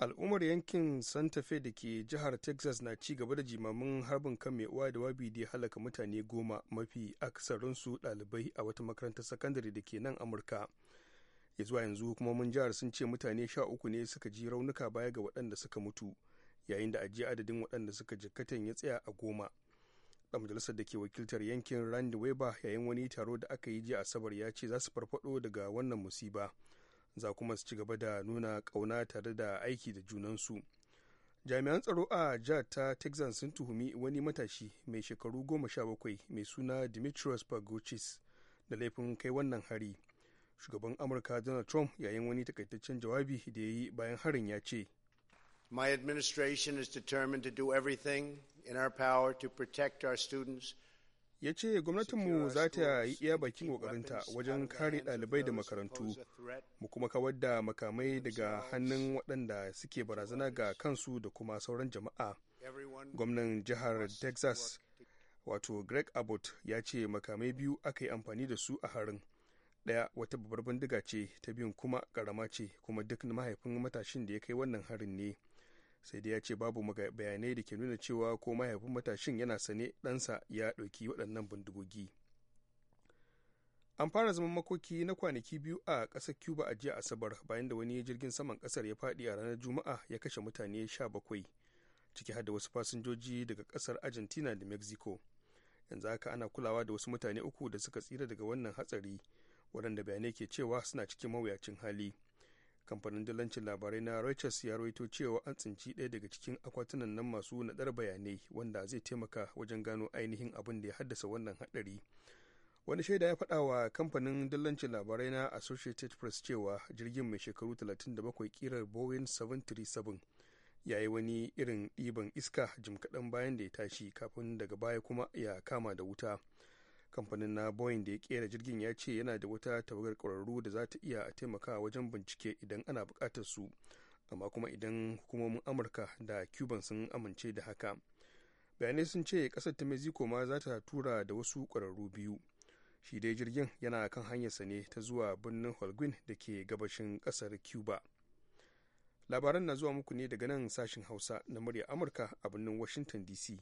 al'ummar yankin santa fe da ke jihar texas na ci gaba da jimamin harbin kan mai uwa da wabi da ya halaka mutane goma mafi aksarinsu ɗalibai a wata makarantar sakandare da ke nan amurka ya zuwa yanzu hukumomin jihar sun ce mutane sha uku ne suka ji raunuka baya ga waɗanda suka mutu yayin da ajiye adadin waɗanda suka jikkatan ya tsaya a goma ɗan majalisar da ke wakiltar yankin rand weber yayin wani taro da aka yi jiya asabar ya ce za su farfado daga wannan musiba za kuma su ci gaba da nuna ƙauna tare da aiki da junansu jami'an tsaro a jihar ta texas sun tuhumi wani matashi mai shekaru goma sha bakwai mai suna dimitrios pagochis da laifin kai wannan hari shugaban amurka donald trump yayin wani takaitaccen jawabi da ya yi bayan harin ya ce my administration is determined to do everything in our power to protect our students ya ce gwamnatinmu za ta yi iya bakin kokarinta wajen kare ɗalibai da makarantu mu kuma kawar da makamai daga hannun waɗanda suke barazana ga kansu da kuma sauran jama'a gwamnan jihar texas wato greg abbott ya ce makamai biyu aka yi amfani da su a harin ɗaya wata babbar bindiga ce ta biyun kuma ƙarama ce kuma duk mahaifin matashin da ya kai wannan harin ne sai dai ya ce babu bayanai da ke nuna cewa ko mahaifin matashin yana sane ɗansa ya ɗauki waɗannan bindigogi an fara zaman makoki na kwanaki biyu a ƙasar cuba a jiya asabar bayan da wani jirgin saman ƙasar ya faɗi a ranar juma'a ya kashe mutane sha bakwai ciki har da wasu fasinjoji daga ƙasar argentina da mexico yanzu haka ana kulawa da wasu mutane uku da suka tsira daga wannan hatsari waɗanda bayanai ke cewa suna cikin mawuyacin hali kamfanin dalancin labarai na reuters ya rawaito cewa an tsinci ɗaya daga cikin akwatunan nan masu naɗar bayanai wanda zai taimaka wajen gano ainihin abin da ya haddasa wannan haɗari wani shaida ya faɗa wa kamfanin dillancin labarai na associated press cewa jirgin mai shekaru 37 kirar boeing 737 ya yi wani irin ɗiban iska jim kaɗan bayan da ya tashi kafin daga baya kuma ya kama da wuta kamfanin na boeing da ya kera jirgin ya ce yana da wata tawagar ƙwararru da za ta iya a taimakawa wajen bincike idan ana buƙatar su amma kuma idan hukumomin amurka da cuban sun amince da haka bayanai sun ce ƙasar ta mexico ma za ta tura da wasu ƙwararru biyu shi dai jirgin yana kan hanyarsa ne ta zuwa birnin holguin da ke gabashin ƙasar cuba labaran na zuwa muku ne daga nan sashen hausa na murya amurka a birnin washington dc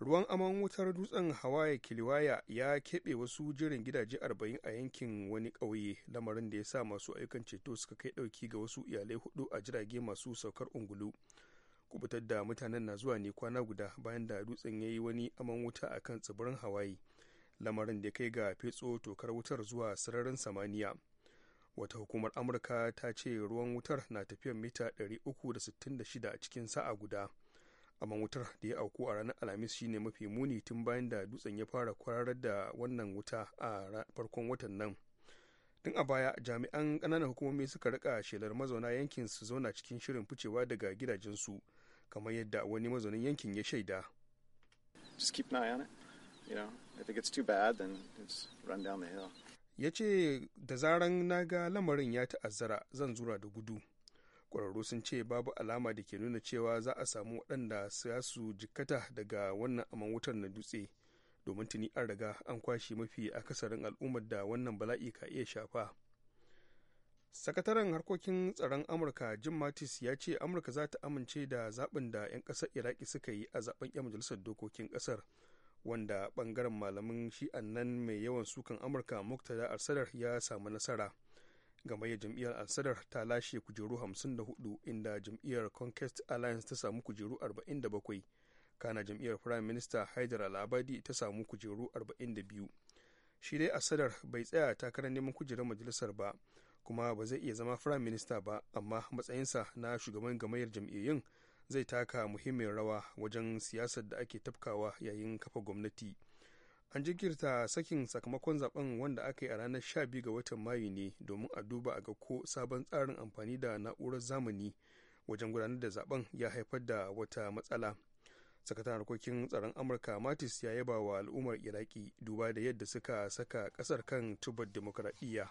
ruwan aman wutar dutsen hawaii kiliwaya ya keɓe wasu jirin gidaje 40 a yankin wani ƙauye lamarin da ya sa masu ayyukan ceto suka kai ɗauki ga wasu iyalai hudu a jirage masu saukar ungulu kubutar da mutanen na zuwa ne kwana guda bayan da dutsen ya yi wani aman wuta a kan tsibirin hawaii lamarin da ya kai ga fetso tokar wutar zuwa sararin samaniya wata hukumar amurka ta ce ruwan wutar na tafiyar mita 366 a cikin sa'a guda aman wutar da ya auku a ranar alhamis shine mafi muni tun bayan da dutsen ya fara kwararar da wannan wuta a farkon watan nan tun a baya jami'an ƙananan hukumomi suka rika shelar mazauna yankin su zauna cikin shirin ficewa daga gidajensu kamar yadda wani mazaunin yankin ya shaida ya ce da zaran na ga lamarin ya ta'azzara zan zura da gudu kwararru sun ce babu alama da ke nuna cewa za a samu waɗanda za su jikkata daga wannan aman wutar na dutse domin tuni an riga an kwashe mafi akasarin al'ummar da wannan bala'i ka iya shafa sakataren harkokin tsaron amurka jim mattis ya ce amurka za ta amince da zaɓin da 'yan ƙasar iraki suka yi a zaben 'yan majalisar dokokin ƙasar wanda ɓangaren malamin shi'an nan mai yawan sukan amurka muktada arsadar ya samu nasara gamayyar jam'iyyar ansadar ta lashe kujeru 54 inda jam'iyyar conquest alliance ta samu kujeru 47 kana jam'iyyar prime minister haidar al'abadi ta samu kujeru 42 shi dai asadar bai tsaya takarar neman kujerar majalisar ba kuma ba zai iya zama prime minister ba amma matsayinsa na shugaban gamayyar jam'iyyun zai taka muhimmin rawa wajen siyasar da ake tafkawa yayin kafa gwamnati an jinkirta sakin sakamakon zaben wanda aka yi a ranar 12 ga watan mayu ne domin a duba a ga ko sabon tsarin amfani da na'urar zamani wajen gudanar da zaben ya haifar da wata matsala sakataren harkokin tsaron amurka matis ya yaba wa al'ummar iraki duba da yadda suka saka kasar kan tubar demokradiyya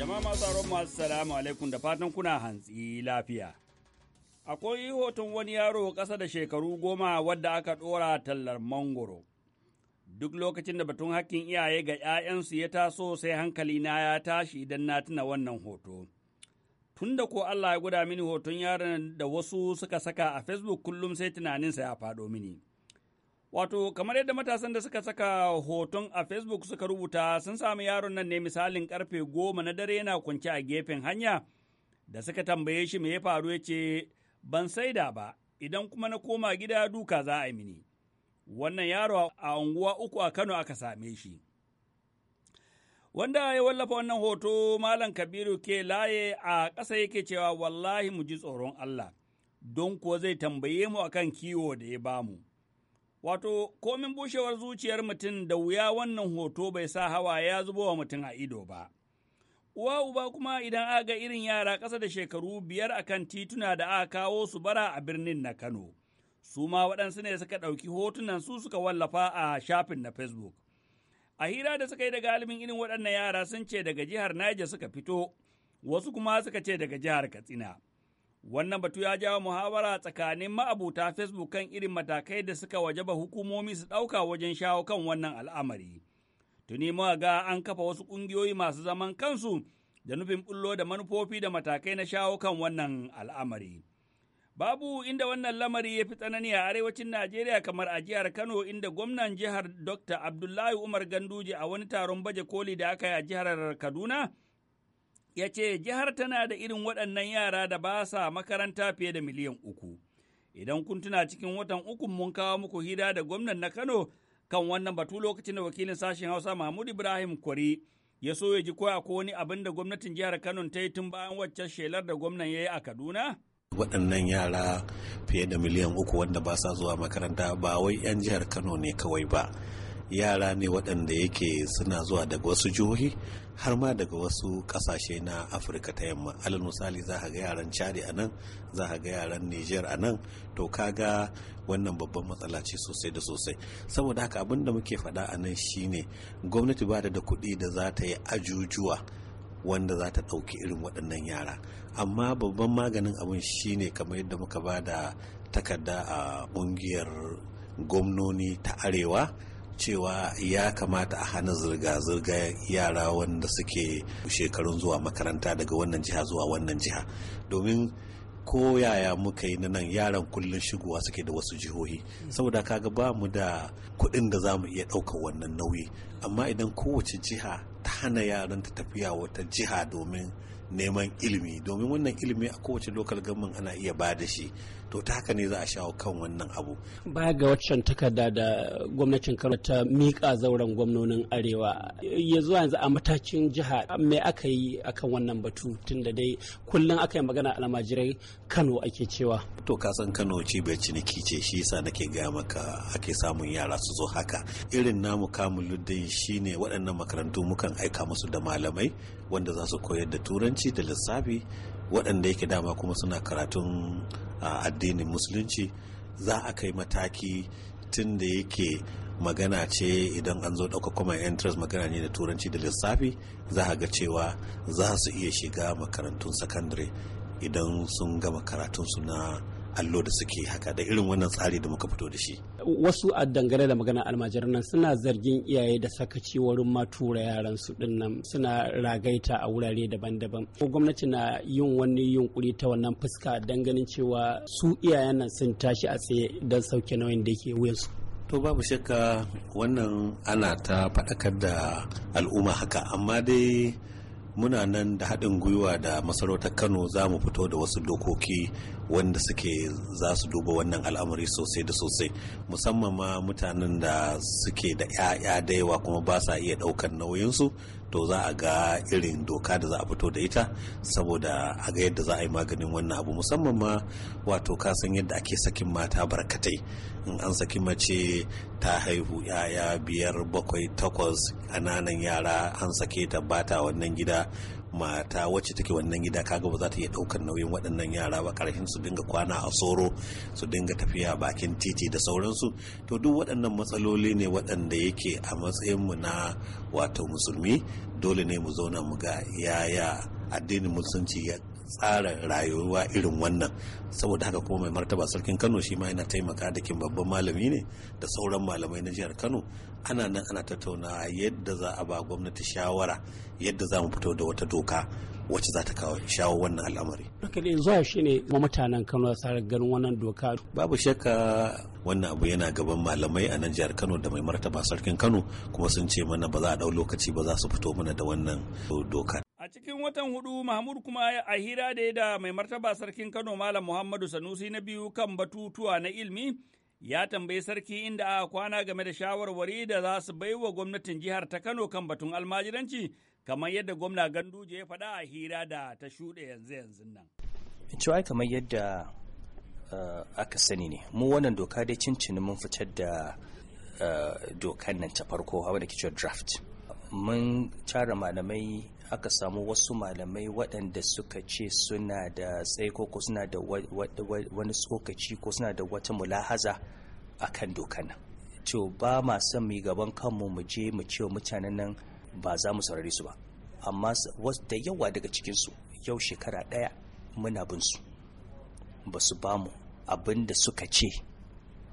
Jama'a masu tsaron masu salamu alaikum da fatan kuna hantsi lafiya. Akwai hoton wani yaro ƙasa da shekaru goma wadda aka ɗora tallar mangoro. Duk lokacin da batun hakkin iyaye ga ‘ya'yansu ya taso sai hankali na ya tashi idan na tuna wannan hoto. Tun da ko Allah ya guda mini hoton yaron da wasu suka saka a Facebook kullum sai tunaninsa ya faɗo mini. Wato, kamar yadda matasan da suka saka hoton a Facebook suka rubuta sun sami yaron nan ne misalin karfe goma na dare yana kwance a gefen hanya da suka tambaye shi me ya faru ya ce, Ban saida ba, idan kuma na koma gida duka za a yi mini. Wannan yaro a unguwa uku a Kano aka same shi. Wanda ya wallafa wannan hoto Malam Kabiru ke laye a ƙasa yake cewa wallahi mu ji tsoron Allah, don kuwa zai tambaye mu akan kiwo da ya bamu. Wato, komin bushewar zuciyar mutum da wuya wannan hoto bai sa hawa ya zubo wa mutum a ido ba. Uwa uba kuma idan aka ga irin yara ƙasa da shekaru biyar a kan tituna da aka kawo su bara a birnin na Kano. Su ma waɗansu ne suka ɗauki hotunan su suka wallafa a shafin na Facebook. A hira da suka yi daga alimin irin waɗannan yara sun ce daga jihar Niger suka fito, wasu kuma suka ce daga jihar Katsina. Wannan batu ya jawo muhawara tsakanin ma'abuta Facebook kan irin matakai da suka wajaba hukumomi su ɗauka wajen shawo kan wannan al'amari. Tuni muka ga an kafa wasu ƙungiyoyi masu zaman kansu da nufin bullo da manufofi da matakai na shawo kan wannan al'amari. Babu inda wannan lamari ya fi tsanani a arewacin Najeriya kamar a jihar Kano inda gwamnan jihar Dr. Abdullahi Umar Ganduje a wani taron baje koli da aka yi a jihar Kaduna ya ce jihar tana da irin waɗannan yara da ba sa makaranta fiye da miliyan uku. Idan kun tuna cikin watan uku mun kawo muku hira da gwamnan na Kano kan wannan batu lokacin da wakilin sashen Hausa Mahmud Ibrahim Kwari ya so ya ji koya ko wani abin da gwamnatin jihar Kano ta yi tun bayan waccan shelar da gwamnan ya yi a Kaduna. waɗannan yara fiye da miliyan uku wanda ba sa zuwa makaranta ba wai 'yan jihar kano ne kawai ba yara ne waɗanda yake suna zuwa daga wasu jihohi har ma daga wasu ƙasashe na afirka ta yamma alal misali za ga yaran chadi a nan za ga yaran niger a nan to ka ga wannan babban matsala ce sosai da sosai saboda haka abin da muke faɗa a nan shine gwamnati ba da kuɗi da za ta yi ajujuwa wanda za ta ɗauki irin waɗannan yara amma babban maganin abin shine kamar yadda muka ba da takarda a ƙungiyar gwamnoni ta arewa cewa ya kamata a hana zirga-zirga yara wanda suke shekarun zuwa makaranta daga wannan jiha zuwa wannan jiha domin koyaya muka yi na nan yaran kullum shigowa suke da wasu jihohi saboda kaga ba mu da kuɗin da za mu iya ɗaukar wannan nauyi amma idan kowace jiha ta hana yaran ta tafiya wata jiha domin neman ilimi domin wannan ilimi a kowace lokal gamin ana iya ba da shi to ta haka ne za a shawo kan wannan abu baya ga waccan takarda da gwamnatin kano ta mika zauren gwamnonin arewa ya zuwa yanzu a matakin jiha me aka yi akan wannan batu tun da dai kullum aka yi magana a almajirai kano ake cewa to ka san kano cibiyar ciniki ce shi yasa nake gaya maka ake samun yara su zo haka irin namu kamun luddin shine waɗannan makarantu mukan aika musu da malamai wanda za su koyar da turanci da lissafi waɗanda yake dama kuma suna karatun addinin musulunci za a kai mataki tun da yake magana ce idan an zo ɗauka kuma entrance magana ne da turanci da lissafi za a ga cewa za su iya shiga makarantun sakandare idan sun gama karatunsu na allo da suke haka da irin wannan tsari da muka fito da shi wasu a dangane da magana almajiran nan suna zargin iyaye da sakaci wurin ma tura yaran su din suna ragaita a wurare daban-daban ko gwamnati na yin wani yunkuri ta wannan fuska ganin cewa su iyayen nan sun tashi a tsaye don sauke nauyin da yake wuyansu to babu shakka wannan ana ta faɗakar da al'umma haka amma dai muna nan da haɗin gwiwa da masarautar kano za mu fito da wasu dokoki wanda suke za su duba wannan al'amari sosai da sosai musamman ma mutanen da suke da 'ya'ya da yawa kuma ba sa iya ɗaukar nauyinsu to za a ga irin doka da za a fito da ita saboda a ga yadda za a yi maganin wannan abu musamman ma wato ka san yadda ake sakin mata barkatai in an saki mace ta haihu yaya biyar bakwai takwas nanan yara an sake ta bata wannan gida mata wacce take wannan gida kaga ba za ta iya ɗaukan nauyin waɗannan yara ba ƙarshen su dinga kwana a soro su dinga tafiya bakin titi da sauransu to duk waɗannan matsaloli ne waɗanda yake a matsayin mu na wato musulmi dole ne mu zauna mu ga yaya addinin musulunci ya tsara rayuwa irin wannan saboda haka kuma mai martaba sarkin kano shi ma yana taimaka da kin babban malami ne da sauran malamai na jihar kano ana nan ana tattauna yadda za a ba gwamnati shawara yadda za mu fito da wata doka wacce za ta kawo shawo wannan al'amari. Duka da zuwa shi ne mutanen Kano da ganin wannan doka. Babu shakka wannan abu yana gaban malamai a nan jihar Kano da mai martaba sarkin Kano kuma sun ce mana ba za a ɗau lokaci ba za su fito mana da wannan doka. A cikin watan hudu Mahmud kuma a hira da da mai martaba sarkin Kano Malam Muhammadu Sanusi na biyu kan batutuwa na ilimi. ya tambayi sarki inda aka kwana game da shawarwari da za su bai wa gwamnatin jihar ta Kano kan batun almajiranci kamar yadda gwamna Ganduje ya faɗa a hira da ta shuɗe yanzu yanzu nan. Cewa kamar yadda eh, aka sani ne mu wannan doka dai cincini mun fitar da eh, dokan nan ta farko wanda ke cewa draft mun cara malamai aka samu wasu malamai waɗanda suka ce suna da tsaiko ko suna da wani tsokaci ko suna da wata mulahaza a kan dokan nan to ba ma son mai gaban kanmu mu je mu ce mutanen nan ba za mu saurare su ba amma da yawa daga cikinsu yau shekara ɗaya muna bin su ba su ba mu abin da suka ce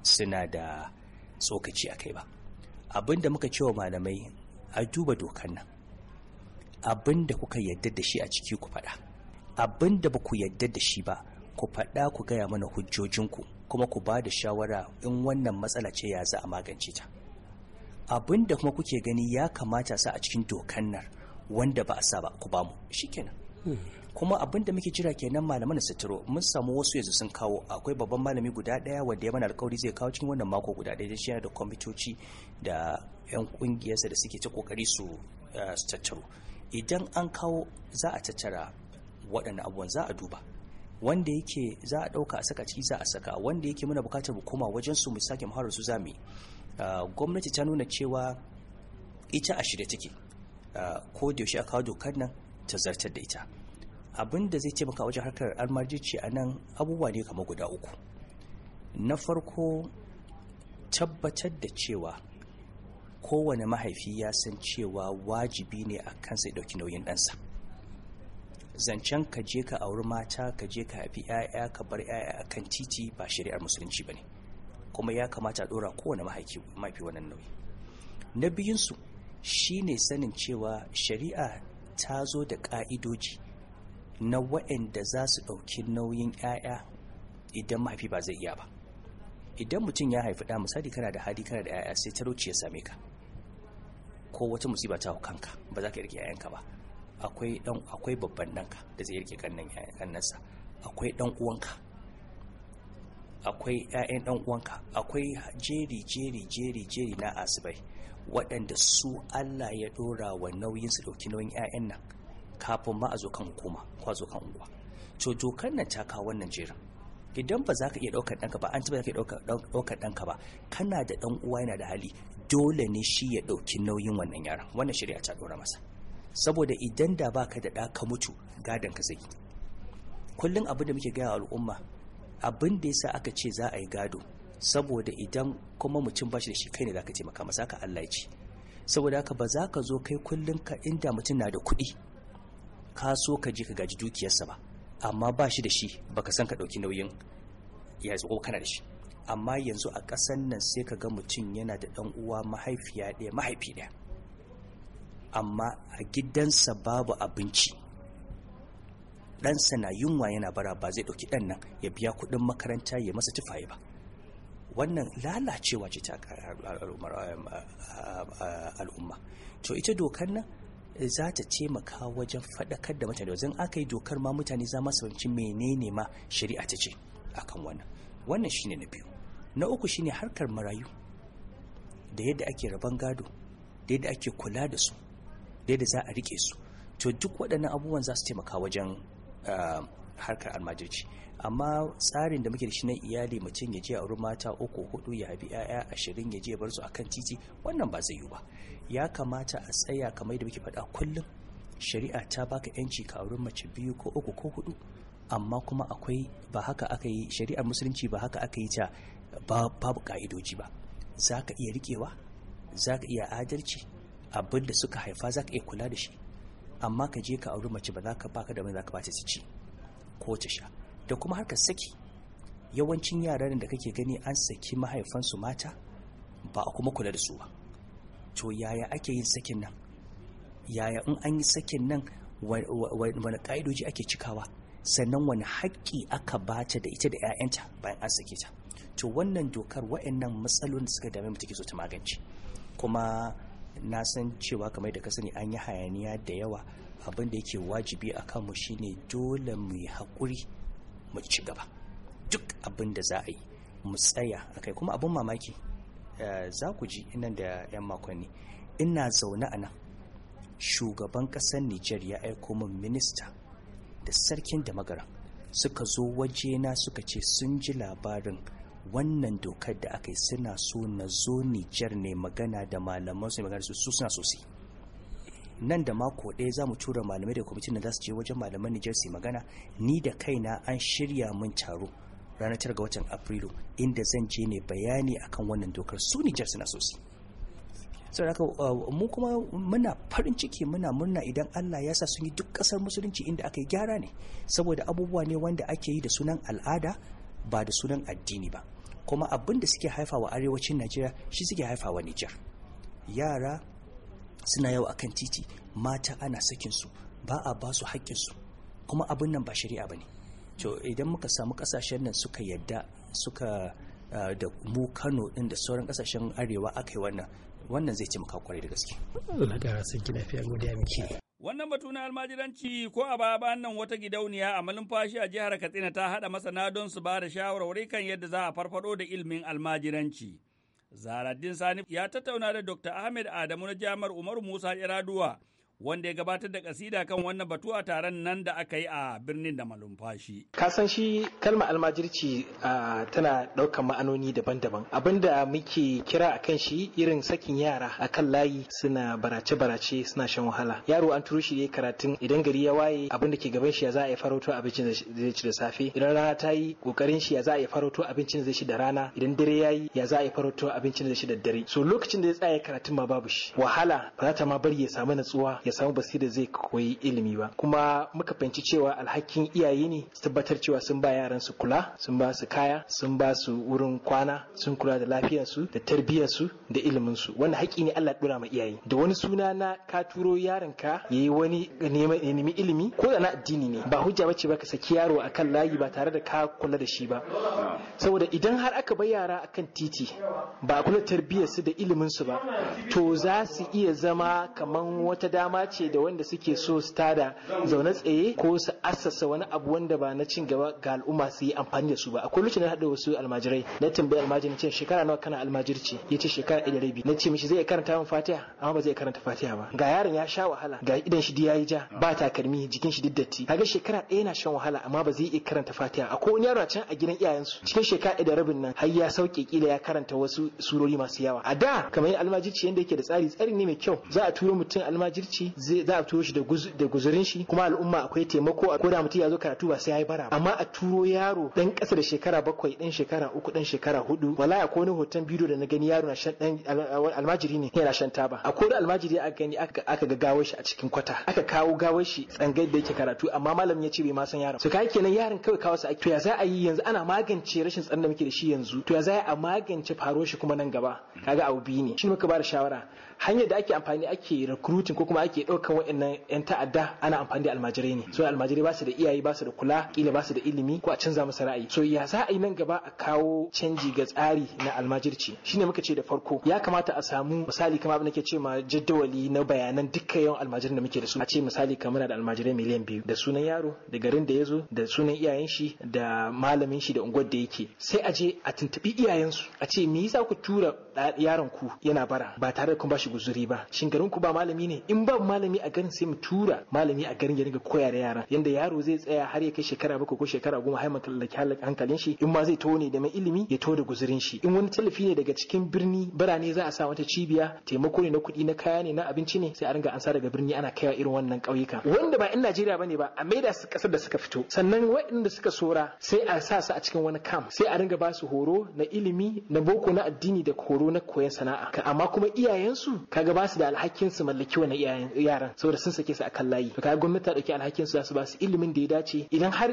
suna da tsokaci a kai ba abin da muka ce wa malamai a duba dokan nan abin da kuka yarda da shi a ciki ku faɗa abin da ba ku yarda da shi ba ku faɗa ku gaya mana hujjojinku kuma ku ba da shawara in wannan matsala ce ya za a magance ta abin da kuma kuke gani ya kamata sa a cikin dokan nan wanda ba a sa ba ku bamu shikenan kuma abin da muke jira kenan malaman na suturo mun samu wasu yanzu sun kawo akwai babban malami guda daya wanda ya mana alkawari zai kawo cikin wannan mako guda daya shi yana da kwamitoci da yan kungiyarsa da suke ta kokari su eh, tattaro idan an kawo za a tattara waɗannan abubuwan za a duba wanda yake za a ɗauka a saka ciki za a saka wanda yake muna bukatar mu koma wajen su mu sake muharar su zami ah, gwamnati ta nuna cewa ita a shirye take ah, ko da yaushe a kawo dokar nan ta zartar da ita abin da zai taimaka wajen harkar almajirci a nan abubuwa ne kamar guda uku na farko tabbatar da cewa kowane mahaifi ya san cewa wajibi ne a kansa ɗauki nauyin ɗansa zancen ka je ka auri mata ka je ka haifi 'ya'ya ka bar 'ya'ya a kan titi ba shari'ar musulunci ba ne kuma ya kamata a ɗora kowane mahaifi wannan nauyi na biyunsu shi ne sanin cewa shari'a ta zo da ƙa'idoji na waɗanda za su ɗauki nauyin 'ya'ya idan mahaifi ba zai iya ba idan mutum ya haifi ɗa misali kana da hali kana da 'ya'ya sai talauci ya same ka ko wata musiba ta hau kanka ba za ka rike 'ya'yanka ba akwai dan akwai babban ɗanka da zai rike kannan kannansa akwai ɗan uwanka akwai 'ya'yan ɗan uwanka akwai jeri jeri jeri jeri na asibai waɗanda su Allah ya dora wa nauyin su dauki nauyin 'ya'yan nan kafin ma a zo kan hukuma ko a zo kan unguwa to dokar nan ta kawo wannan jerin idan ba za ka iya ɗaukar ɗanka ba an ci ka iya ɗaukar ɗanka ba kana da ɗan uwa yana da hali dole ne shi ya ɗauki nauyin wannan yaran wannan shirya ta ɗora masa saboda idan da baka da ɗa ka mutu gadon ka zai kullum abin da muke gaya al'umma abin da yasa aka ce za a yi gado saboda idan kuma mutum ba shi da shi kai ne za ka taimaka masa ka Allah ya ci saboda haka ba za ka zo kai kullum ka inda mutum na da kuɗi ka so ka je ka gaji dukiyarsa ba amma ba shi da shi baka san ka ɗauki nauyin ya zo kana da shi amma yanzu a ƙasan nan sai ka ga mutum yana da ɗan uwa mahaifiya ɗaya mahaifi ɗaya amma a gidansa babu abinci ɗansa na yunwa yana bara ba zai ɗauki ɗan nan ya biya kuɗin makaranta ya masa tufaye ba wannan lalacewa ce ta al'umma to ita dokar nan za ta taimaka wajen faɗakar da mutane wajen aka yi dokar ma mutane za masu fahimci menene ma shari'a ta ce akan wannan wannan shine na biyu na uku shine harkar marayu da yadda ake rabon gado da yadda ake kula da su da yadda za a rike su to duk waɗannan abubuwan za su taimaka wajen ah, harkar almajirci amma tsarin da muke da shi na iyali mutum ya je a mata uku hudu ya bi yaya ashirin ya je bar su akan titi wannan ba zai yiwu ba ya kamata a tsaya kamar da muke faɗa kullum shari'a ta baka yanci ka wurin mace biyu ko uku ko hudu amma kuma akwai ba haka aka yi shari'ar musulunci ba haka aka yi ta babu ka'idoji ba za ka iya riƙewa za ka iya adalci abin da suka haifa za ka iya kula da shi amma ka je ka auri mace ba za ka baka da mai za ka ba ta ci ko ta sha da kuma harkar saki yawancin yaran da kake gani an saki mahaifansu mata ba a kuma kula da su ba to yaya ake yin sakin nan yaya in an yi sakin nan wani ƙa'idoji ake cikawa sannan wani haƙƙi aka bata da ita da 'ya'yanta bayan an sake ta to wannan dokar wa'annan matsalolin da suka dame mu take so ta magance kuma na san cewa kamar da ka sani an yi hayaniya da yawa abin da yake wajibi a kanmu shine dole mu yi haƙuri mu ci gaba duk abin da za a yi mu tsaya a kai kuma abin mamaki eh, za ku ji nan da 'yan makonni ina zaune a nan shugaban ƙasar Nijar ya aiko min minista da sarkin da magara suka zo wajena suka ce sun ji labarin wannan dokar da aka yi suna so na zo Nijar ne magana da malaman su magana su suna sosai. nan da mako ɗaya za mu tura malamai da kwamitin da za su je wajen malaman Nijar su magana ni da kaina an shirya mun taro ranar tara ga watan Afrilu inda zan je ne bayani akan wannan dokar su Nijar suna sosai. Uh, mu kuma muna farin ciki muna murna idan Allah ya sa sun yi duk kasar musulunci inda aka yi gyara ne saboda abubuwa ne wanda ake yi da sunan al'ada ba da sunan addini ba kuma abin da suke haifawa arewacin Najeriya shi suke haifawa Nijar yara suna yau akan titi mata ana sakin su ba a ba su su kuma abin nan ba shari'a ba ne to idan muka samu kasashen nan suka yadda suka eh, da mu kano ɗin da sauran kasashen arewa aka yi wannan wannan zai ce muka da gaske. ki lafiya godiya miki. Wannan batu na almajiranci ko a baya bayan nan wata gidauniya a fashi a jihar Katsina ta hada masana don su ba da shawarwari kan yadda za a farfado da ilimin almajiranci. zaraddin Sani ya tattauna da Dr. Ahmed Adamu na Jami'ar Umaru Musa Iraduwa wanda ya gabatar da kasida kan wannan batu a taron nan da aka yi a birnin da malumfashi. Kasan shi kalma almajirci tana ɗaukan ma'anoni daban-daban. Abinda muke kira a kan shi irin sakin yara a kan layi suna barace-barace suna shan wahala. Yaro an turo shi ne karatun idan gari ya waye abinda ke gaban shi ya za a yi faroto abincin da zai ci da safe. Idan rana ta yi kokarin shi ya za a yi faroto abincin da zai ci da rana. Idan dare ya yi ya za a yi faroto abincin da zai ci da dare. So lokacin da ya tsaya karatun ma babu shi. Wahala ba za ta ma bari ya samu natsuwa ya samu da zai koyi ilimi ba kuma muka fahimci cewa alhakin iyaye ne su tabbatar cewa sun ba yaran su kula sun ba su kaya sun ba su wurin kwana sun kula da lafiyar su, da su, da ilimin su wannan haƙi ne Allah dora ma iyaye da wani suna na ka turo yaron ka yayi wani nemi ilimi ko da na addini ne ba hujja bace ba ka saki yaro akan layi ba tare da ka kula da shi ba saboda idan har aka bar yara akan titi ba a kula su da ilimin su ba to za su iya zama kaman wata dama dama ce da wanda suke so su tada zaune tsaye ko su assasa wani abu wanda ba na cin gaba ga al'umma su yi amfani da su ba akwai lokacin na haɗa wasu almajirai na tambayi almajirin ce shekara nawa kana almajirci ya ce shekara ɗaya da rabi na ce mishi zai karanta min fatiha amma ba zai karanta fatiha ba ga yaron ya sha wahala ga idan shi ya yi ja ba takalmi jikin shi diddatti kaga shekara ɗaya na shan wahala amma ba zai iya karanta fatiha akwai wani yaro can a gidan iyayensu cikin shekara ɗaya da rabin nan har ya sauke kila ya karanta wasu surori masu yawa a da kamar almajirci yanda yake da tsari tsari ne mai kyau za a turo mutum almajirci zai za a turo shi da guzurin shi kuma al'umma akwai taimako a koda mutum ya zo karatu ba sai ya yi bara amma a turo yaro dan kasa da shekara bakwai dan shekara uku dan shekara hudu wallahi akwai wani hoton bidiyo da na gani yaro na shan dan almajiri ne yana shan taba koda almajiri aka gani aka ga gawar shi a cikin kwata aka kawo gawar shi tsangai da yake karatu amma malam ya ce bai ma san yaron su kai kenan yaron kawai kawo su to ya za a yi yanzu ana magance rashin tsaron da muke da shi yanzu to ya za a magance faruwar shi kuma nan gaba kaga abu biyu ne shi muka ba da shawara hanyar da ake amfani ake recruiting ko kuma ake ɗaukan wa'annan yan ta'adda ana amfani da almajirai ne so almajirai ba su da iyaye ba su da kula kila ba su da ilimi ko a canza musu ra'ayi so ya za a yi nan gaba a kawo canji ga tsari na almajirci shine muka ce da farko ya kamata a samu misali kamar abin ke ce ma jaddawali na bayanan dukkan yawan almajirin da muke da su a ce misali kamar da almajirai miliyan biyu da sunan yaro da garin da ya zo da sunan iyayen shi da malamin shi da unguwar da yake sai a je a tuntubi iyayensu a ce me yasa ku tura yaron ku yana bara ba tare da kun bashi bashi guzuri ba shin garin ku ba malami ne in ba malami a garin sai mu tura malami a garin ya riga koya da yara yanda yaro zai tsaya har ya kai shekara bakwai ko shekara goma har makallaki hankalin shi in ma zai taho ne da mai ilimi ya tawo da guzurin shi in wani tallafi ne daga cikin birni birane za a sa wata cibiya taimako ne na kuɗi na kaya ne na abinci ne sai a ringa sa daga birni ana kaiwa irin wannan ƙauyuka wanda ba in Najeriya bane ba a maida su kasar da suka fito sannan waɗanda suka sora sai a sa su a cikin wani kam sai a ringa ba su horo na ilimi na boko na addini da horo na koyon sana'a amma kuma iyayensu kaga ba su da alhakin su mallaki wani yaran saboda sun sake su akan layi to kaga gwamnati ta dauki alhakin su za su ba su ilimin da ya dace idan har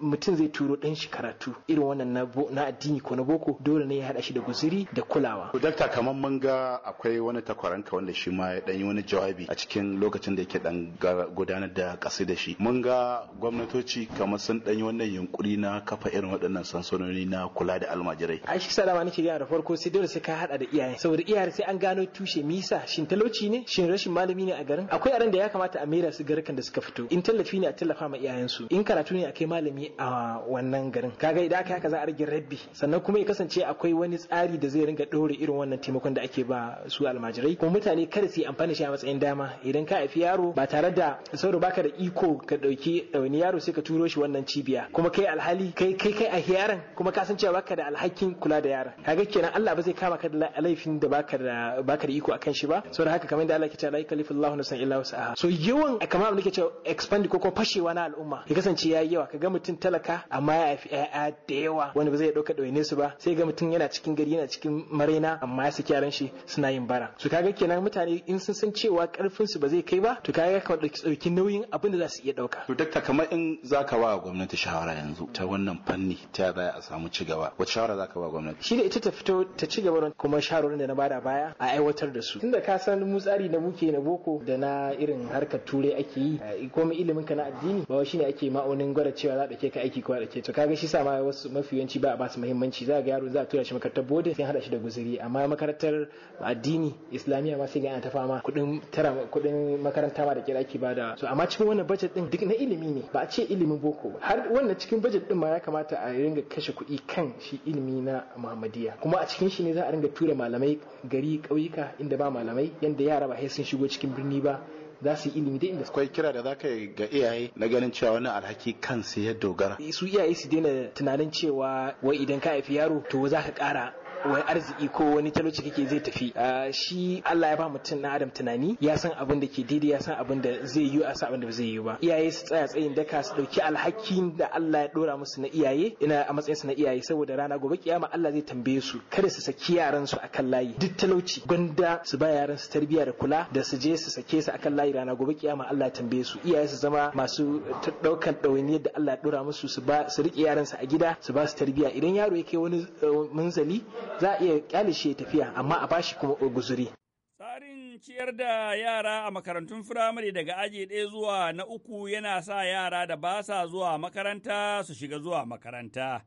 mutum zai turo dan shi karatu irin wannan na addini ko na boko dole ne ya hada shi da guzuri da kulawa to dakta kamar mun ga akwai wani takwaranka wanda shi ma ya dan yi wani jawabi a cikin lokacin da yake dan gudanar da kasu da shi mun ga gwamnatoci kamar sun dan yi wannan yunkuri na kafa irin waɗannan sansanoni na kula da almajirai ai shi salama nake gaya farko sai dole sai ka hada da iyaye saboda iyaye sai an gano tushe mi bisa shin talauci ne shin rashin malami ne a garin akwai aran da ya kamata a mera su garkan da suka fito in tallafi ne a tallafa ma su in karatu ne a kai malami a wannan garin kaga idan aka haka za a rage rabbi sannan kuma ya kasance akwai wani tsari da zai ringa dore irin wannan taimakon da ake ba su almajirai kuma mutane kada su yi amfani shi a matsayin dama idan ka haifi yaro ba tare da sauro baka da iko ka dauki ɗauni yaro sai ka turo shi wannan cibiya kuma kai alhali kai kai kai a yaran? kuma ka san cewa baka da alhakin kula da yaron kaga kenan Allah ba zai kama ka da laifin da baka da baka da iko akan shi ba saboda haka kamar da Allah ke cewa la Allahu nafsan illa wus'aha so yawan kamar abin da ke cewa expand ko ko fashewa na al'umma ya kasance ya yi yawa kaga mutum talaka amma ya fi ƴaƴa da yawa wanda ba zai dauka ɗoyine su ba sai ga mutum yana cikin gari yana cikin maraina amma ya saki yaran shi suna yin bara so kaga kenan mutane in sun san cewa karfin su ba zai kai ba to kaga ka dauki nauyin abin da za su iya dauka to dakta kamar in zaka ba gwamnati shawara yanzu ta wannan fanni ta ba a samu cigaba wace shawara zaka ba gwamnati shi ita ta fito ta ci gaba kuma shawarorin da na bada baya a aiwatar da su tunda ka san mu tsari da muke na boko da na irin harkar turai ake yi eh, komai ilimin ka na addini ba shine ake ma'aunin gwada cewa za a dake ka aiki ko a dake to kaga shi sa ma wasu yawanci ba a basu muhimmanci za ga yaro za a tura shi makarantar bodin sai hada shi da guzuri amma makarantar addini islamiyya ma sai ga ana ta fama kudin tara kudin makaranta ma da kira ake bada so amma cikin wannan budget din duk na ilimi ne ba a ce ilimin boko ba har wannan cikin budget din ma ya kamata a ringa kashe kuɗi kan shi ilimi na Muhammadiyya kuma a cikin shi ne za a ringa tura malamai gari ƙauyuka inda ba malamai yadda yara ba sun shigo cikin birni ba za su yi ilimi dai inda akwai kira da ka yi ga iyaye na ganin cewa wani alhaki kansu ya dogara su iyaye su daina tunanin cewa wai idan ka haifi yaro to za ka kara wani arziki ko wani talauci kake zai tafi ah, shi Allah ya ba mutum na adam tunani ya san abin da ke daidai ya san abin da zai yi a san abin da ba zai yi ba iyaye su tsaya tsayin daka su dauki alhakin da Allah ya dora musu na iyaye ina a matsayin su na iyaye saboda rana gobe kiyama Allah zai tambaye su kada su saki yaran su akan layi duk talauci gwanda su ba yaran su tarbiyya da kula da su je su sake su akan layi rana gobe kiyama Allah ya tambaye su iyaye su zama masu daukan ɗawainiyar da Allah ya dora musu su ba su riƙe yaran su a gida su ba su tarbiyya idan yaro yake wani eh, munzali za a iya kyale shi tafiya amma a bashi kuma guzuri Tsarin ciyar da yara a makarantun firamare daga aji ɗaya zuwa na uku yana sa yara da ba sa zuwa makaranta su shiga zuwa makaranta.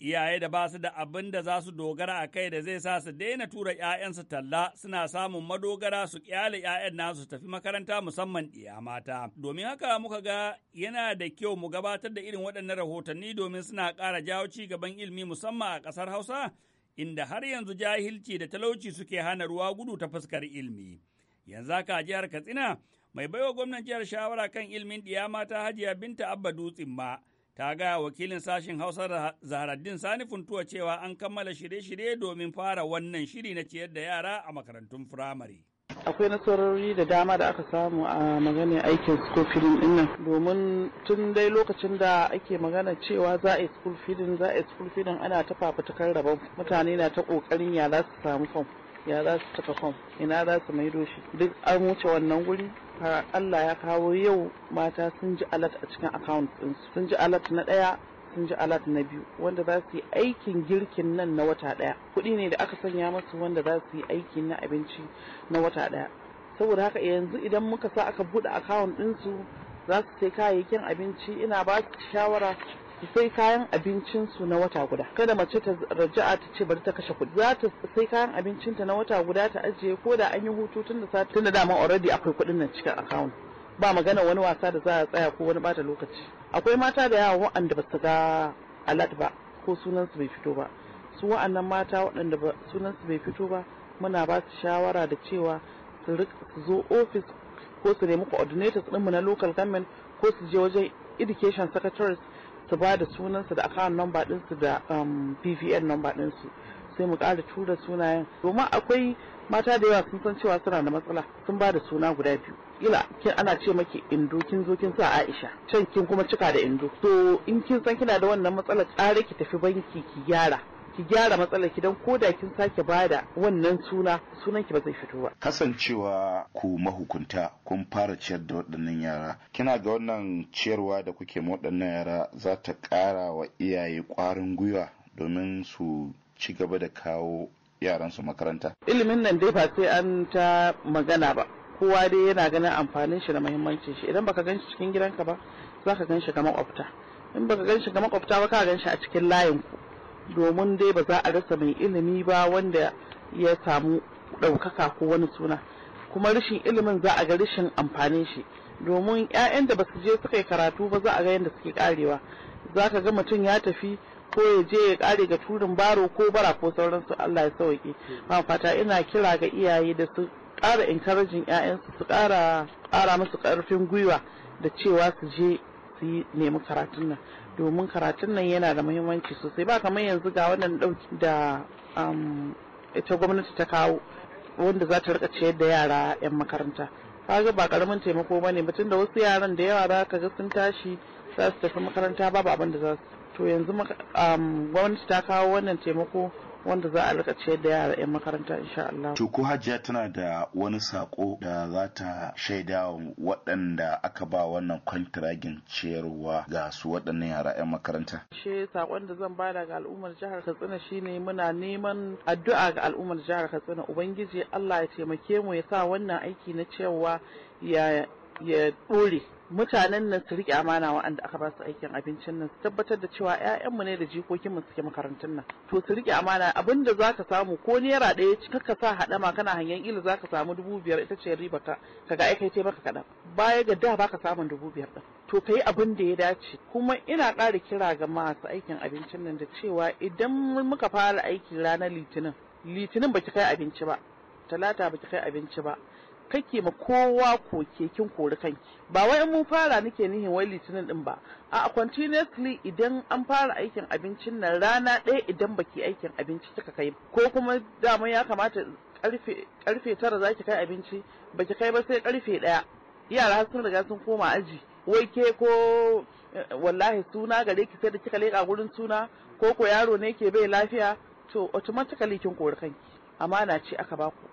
Iyaye da ba su da abin da za su dogara a kai da zai sa su daina tura ‘ya'yansu talla suna samun madogara su ƙyale ‘ya'yan nasu tafi makaranta musamman ɗiya mata. Domin haka muka ga yana da kyau mu gabatar da irin waɗannan rahotanni domin suna ƙara jawo ci gaban ilimi musamman a ƙasar Hausa inda har yanzu jahilci da talauci suke hana ruwa gudu ta fuskar ilmi. Yanzu haka a jihar Katsina, mai baiwa gwamnan jihar shawara kan ilmin ɗiyama ta hajiya binta Abba Dutsin ma, ta gaya wakilin sashen Hausa Zaharaddin Sani Funtuwa cewa an kammala shirye-shirye domin fara wannan shiri na ciyar da yara a makarantun firamare. akwai nasarori da dama da aka samu a maganin aikin school feeding din nan domin tun dai lokacin da ake magana cewa za a yi school feeding za a yi school feeding ana ta fafutukar rabon mutane na ta kokarin ya za su samu fam ya za su taka fam ina za su maido shi duk an wuce wannan guri Allah ya kawo yau mata sun ji alat a cikin account sun ji alat na ɗaya. sun ji alat na biyu wanda za su yi aikin girkin nan na wata daya kuɗi ne da aka sanya masu wanda za su yi aiki na abinci na wata daya saboda haka yanzu idan muka sa aka buɗe akawun ɗinsu za su sai kayayyakin abinci ina ba su shawara su sai kayan abincinsu na wata guda kada mace ta raja'a ta ce bari ta kashe kuɗi za ta sai kayan abincinta na wata guda ta ajiye ko da an yi hutu tun da sati tun da dama already akwai kuɗin nan cikin akawun ba magana wani wasa da za a tsaya ko wani bata lokaci akwai mata da yawa waɗanda ba su ga alat ba ko sunan su bai fito ba su wa'annan mata waɗanda sunan su bai fito ba muna ba su shawara da cewa su zo ofis ko su nemi coordinators ɗinmu na local government ko su je wajen education secretaries su ba da sunansu da account number ɗinsu da um, pvn number ɗinsu sai mu ƙara tura sunayen domin akwai mata da yawa sun san cewa suna da matsala sun ba da suna guda biyu Ila kin ana ce maki indo kin zo kin sa Aisha can kin kuma cika da indo to in kin san kina da wannan matsala tsare ki tafi banki ki gyara ki gyara matsalar ki don koda kin sake bada wannan suna sunan ki ba zai fito ba kasancewa ku mahukunta kun fara ciyar da waɗannan yara kina ga wannan ciyarwa da kuke ma waɗannan yara za ta ƙara wa iyaye ƙwarin gwiwa domin su ci gaba da kawo Yaran su makaranta. Ilimin nan dai ba sai an ta magana ba. Kowa dai yana ganin amfanin shi da muhimmancin shi. Idan baka gan shi cikin gidanka ba, za ka gan ga makwabta. In baka gan shi ga makwabta ba, ka gan a cikin layin ku. Domin dai ba za a rasa mai ilimi ba wanda ya samu ɗaukaka ko wani suna. Kuma rashin ilimin za a ga rashin amfanin shi. Domin 'ya'yan da ba su je suka yi karatu ba za a ga yadda suke karewa. Za ka ga mutum ya tafi ko ya je ya kare ga turin baro ko bara ko sauransu Allah ya sauke hmm. ba fata ina kira ga iyaye da su ƙara encouraging ƴaƴansu su ƙara ƙara musu ƙarfin gwiwa da cewa su je su yi nemi karatun nan domin karatun nan yana da muhimmanci sosai ba kamar yanzu ga wannan ɗauki da um, ita gwamnati ta kawo wanda za ta rika ciyar da yara 'yan makaranta kaga ba karamin taimako bane mutum da wasu yaran da yawa za ka ga sun tashi za su tafi makaranta babu abin da za su to yanzu um, gwamnati ta kawo wannan taimako wanda za a rika ciyar da yara 'yan makaranta insha Allah. To ko Hajiya tana da wani sako da za ta shaida waɗanda aka ba wannan kwantiragin ciyarwa ga su waɗannan yara 'yan makaranta. Shi sakon da zan bada ga al'ummar jihar Katsina shine muna neman addu'a ga al'ummar jihar Katsina Ubangiji Allah ya taimake mu ya sa wannan aiki na cewa ya ya ɗore mutanen nan su riƙe amana wa'anda aka ba su aikin abincin nan su tabbatar da cewa 'ya'yanmu ne da mu suke makarantun nan to su riƙe amana abin da za ka samu ko naira ɗaya ci ka sa haɗama kana hanyar ila za ka samu dubu biyar ita ce riba ka kaga kai baka kaɗan baya ga da baka samu dubu biyar ɗin to kayi abun abin da ya dace kuma ina ƙara kira ga masu aikin abincin nan da cewa idan muka fara aiki ranar litinin litinin baki kai abinci ba talata baki kai abinci ba kake ma kowa ko kin kori kanki ba wai mun fara nake nihin wai litinin din ba a continuously idan an fara aikin abincin nan rana ɗaya idan baki aikin abinci kika kai ko kuma dama ya kamata karfe karfe tara zaki kai abinci baki kai ba sai karfe ɗaya yara sun riga sun koma aji wai ke ko wallahi suna gare ki sai da kika leƙa gurin suna ko ko yaro ne ke bai lafiya to automatically kin kori kanki amana ce aka baku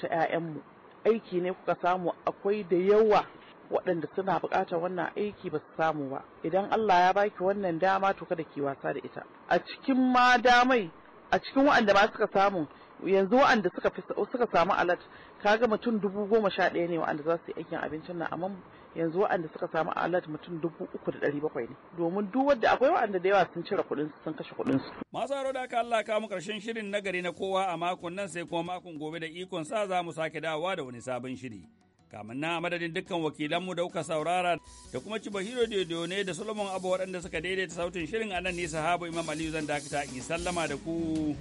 ta 'ya'yanmu mu aiki ne kuka samu akwai da yawa waɗanda suna buƙatar wannan aiki ba su samu ba idan Allah ya baki wannan dama to kada ki wasa da ita a cikin ma damai a cikin waɗanda ma suka samu yanzu waɗanda suka suka samu alat kaga mutum dubu goma sha ɗaya ne waɗanda za su yi aikin abincin nan amma yanzu waɗanda suka samu alert mutum dubu uku da ɗari bakwai ne domin duk wadda akwai waɗanda da yawa sun cire kuɗin su sun kashe kuɗin su. masu aro da aka Allah ka mu karshen shirin nagari na kowa a makon nan sai kuma makon gobe da ikon sa za mu sake dawowa da wani sabon shiri. kamin na madadin dukkan wakilanmu da kuka saurara da kuma ci bahiro da ne da solomon abu waɗanda suka daidaita sautin shirin a nan nisa habu imam aliyu zan dakata in sallama da ku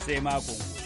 sai makon.